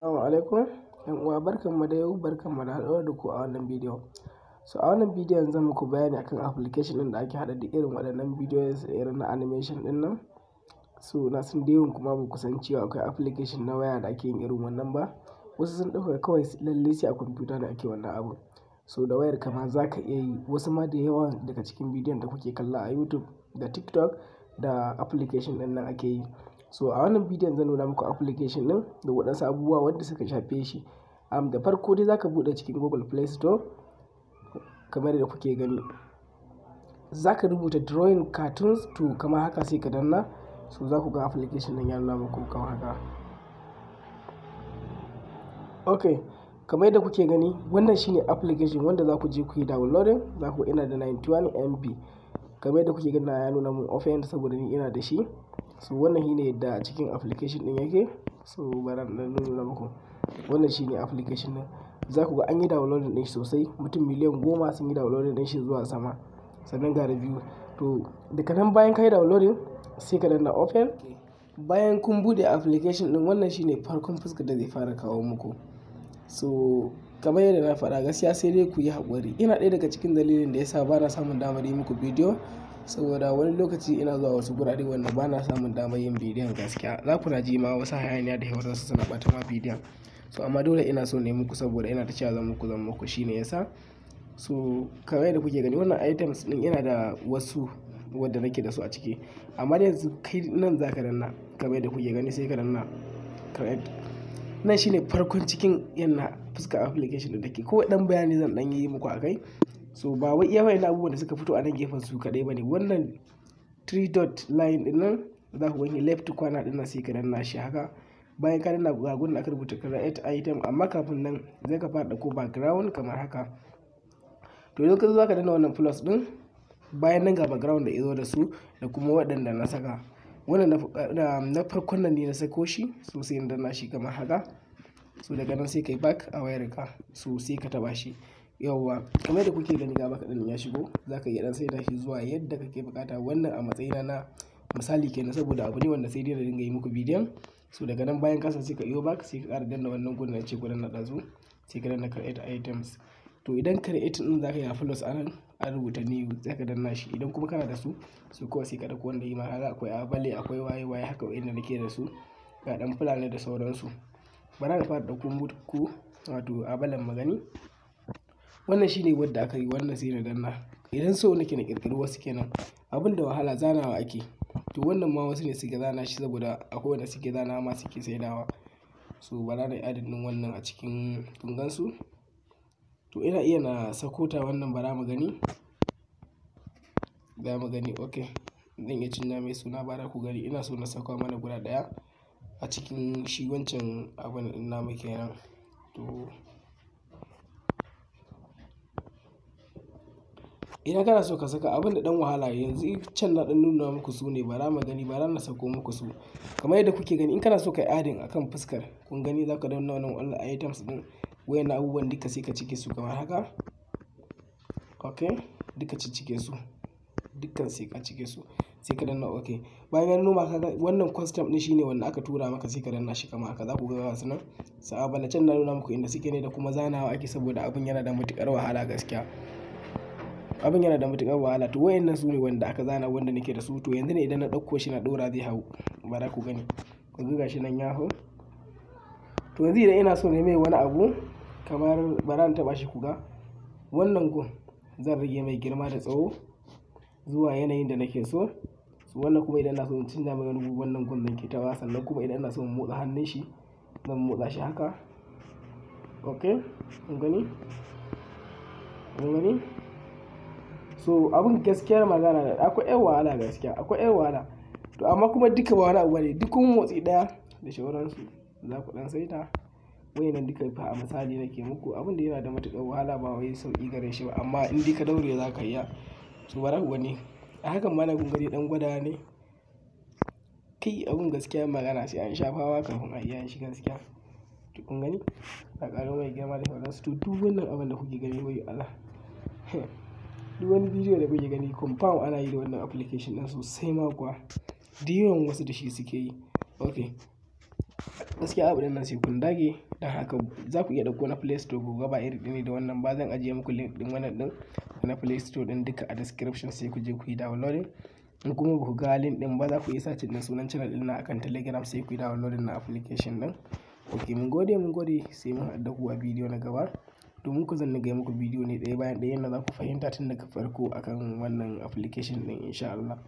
Assalamu alaikum, ‘yan uwa barkanmu da yau barkanmu da haɗuwa da ku a wannan bidiyo So a wannan bidiyon zan muku bayani akan application ɗin da ake hada da irin waɗannan videos irin na animation ɗin nan. So na san da kuma ba ku san cewa akwai application na waya da ake yin irin wannan ba. Wasu sun ɗauka kawai lalle sai a kwamfuta da ake wannan abu. So da wayar kama za ka iya yi wasu ma da yawa daga cikin bidiyon da kuke kalla a YouTube da TikTok da application ɗin nan ake yi. so a wannan bidiyon zan nuna muku application din da waɗansu abubuwa wanda suka shafe shi um, da farko dai zaka buɗe cikin google play store kamar da kuke gani zaka rubuta drawing cartoons to kamar haka sai ka danna so za ku ga application din ya nuna muku kamar haka ok kamar yadda kuke gani wannan shine application wanda za ku je ku yi downloading za ku ina da 91 mb kamar yadda kuke gani ya nuna mun offline saboda ni ina da shi So wannan shine yadda a cikin application ɗin yake. So bara na nuna muku. Wannan shine application din Za ku ga an yi downloading din shi sosai. Mutum miliyan goma sun yi downloading din shi zuwa sama. Sannan ga review. To daga nan bayan ka yi downloading sai ka danna open. Bayan kun bude application din wannan shine farkon fuskar da zai fara kawo muku. So kamar yadda na faɗa gaskiya sai dai ku yi haƙuri. ina ɗaya daga cikin dalilin da ya sa ba na samun damar yi muku bidiyo. saboda wani lokaci ina zuwa wasu gurare wanda ba na samun damar yin bidiyon gaskiya za ku na ji ma wasu hayaniya da yawan su suna ɓata ma bidiyon so amma dole ina so ne muku saboda ina ta cewa zan muku zan muku shine yasa so kamar yadda kuke gani wannan items din yana da wasu wadda nake da su a ciki amma dai yanzu kai nan za ka danna kamar yadda kuke gani sai ka danna correct nan shine farkon cikin yana fuska application da take ko dan bayani zan dan yi muku akai so ba wai iya wayan abubuwan da suka fito a nan gefen su kadai ba ne wannan 3 dot line din nan za ku gani left kwana din nan sai ka danna shi haka bayan ka danna ga gurin aka rubuta right item amma kafin nan zai ka fara ko background kamar haka to idan ka zo ka danna wannan plus din bayan nan ga background da izo da su da kuma waɗanda na saka wannan na farkon nan ne na sako shi so sai na danna shi kamar haka so daga nan sai kai back a wayarka so sai ka taba shi yawwa kamar da kuke gani gaba kaɗan ya shigo za ka iya ɗan saida shi zuwa yadda kake bukata wannan a matsayina na misali kenan saboda abu ne wanda sai dai da dinga yi muku bidiyon so daga nan bayan kasa sai ka iyo ba sai ka ƙara danna wannan gudun da ce gudun na ɗazu sai ka danna create items to idan create ɗin za ka yi a plus a nan an rubuta new za ka danna shi idan kuma kana da su su kowa sai ka ɗauko wanda yi ma akwai abale akwai waye waye haka wa'inda nake da su ga dan fulani da sauransu bara na fara ɗauko ku wato abalen magani wannan shine wadda aka yi wannan sai na danna idan so nake na kirkiri wasu kenan abin da wahala zanawa ake to wannan ma wasu ne suke zana shi saboda akwai wanda suke zana ma suke saidawa so ba na adadin wannan a cikin tungansu to ina iya na sakota wannan bara mu gani za mu gani ok zan iya cinna mai suna bara ku gani ina so na sakwa mana guda daya a cikin shi wancan abin na mu kenan to idan kana so ka saka abin da dan wahala yanzu can na dan nuna muku su ne ba za mu gani ba za na sako muku su kamar yadda kuke gani in kana so ka yi adin akan fuskar kun gani zaka danna wannan wannan items din wayannan abubuwan duka sai ka cike su kamar haka okay duka cike su dukkan sai ka cike su sai ka danna okay bayan ya noma kaga wannan custom din shine wanda aka tura maka sai ka danna shi kamar haka za ku ga wasu nan sa'a can na nuna muku inda suke ne da kuma zanawa ake saboda abin yana da matukar wahala gaskiya abin yana da matukar wahala to wayannan su ne wanda aka zana wanda nake da su to yanzu ne idan na dauko shi na ɗora zai hau ba za ku gani yanzu gashi nan ya hau to yanzu idan ina so ne mai wani abu kamar bara na taɓa shi kuga wannan gun zan rage mai girma da tsawo zuwa yanayin da nake so wannan kuma idan na so in canza mai wani wannan gun zan ke tawa sannan kuma idan na so in motsa hannun shi zan motsa shi haka ok kun gani gani so abin gaskiyar magana da akwai yan wahala gaskiya akwai yan wahala to amma kuma duka ba wani abu ne duk kuma motsi daya da shauransu za ku dan saita nan duka fa a misali nake muku abin da yana da matukar wahala ba wai sauki gare shi ba amma in duka ka daure za ka iya so bara wani a hakan ma na gungare dan gwada ne kai abin gaskiya magana sai an shafawa kafin a iya shi gaskiya to kun gani a ƙarar mai girma da shauransu to duk wannan abin da kuke gani wai Allah duk wani bidiyo da kuke gani confirm ana yi da wannan application ɗin sosai ma kuwa diyon wasu da shi suke yi ok gaskiya abu nan sai kun dage da haka za ku iya ɗauko na play store ku gaba iri ɗin da wannan ba zan ajiye muku link ɗin wannan ɗin na play store ɗin duka a description sai ku je ku yi downloading in kuma ba ku ga link ɗin ba za ku iya sace ɗin sunan channel ɗin na akan telegram sai ku yi downloading na application ɗin ok mun gode mun gode sai mun haɗa ku a bidiyo na gaba domin ku zan gai muku bidiyo ne ɗaya bayan ɗaya yadda za ku fahimta tun daga farko akan wannan application ɗin insha Allah.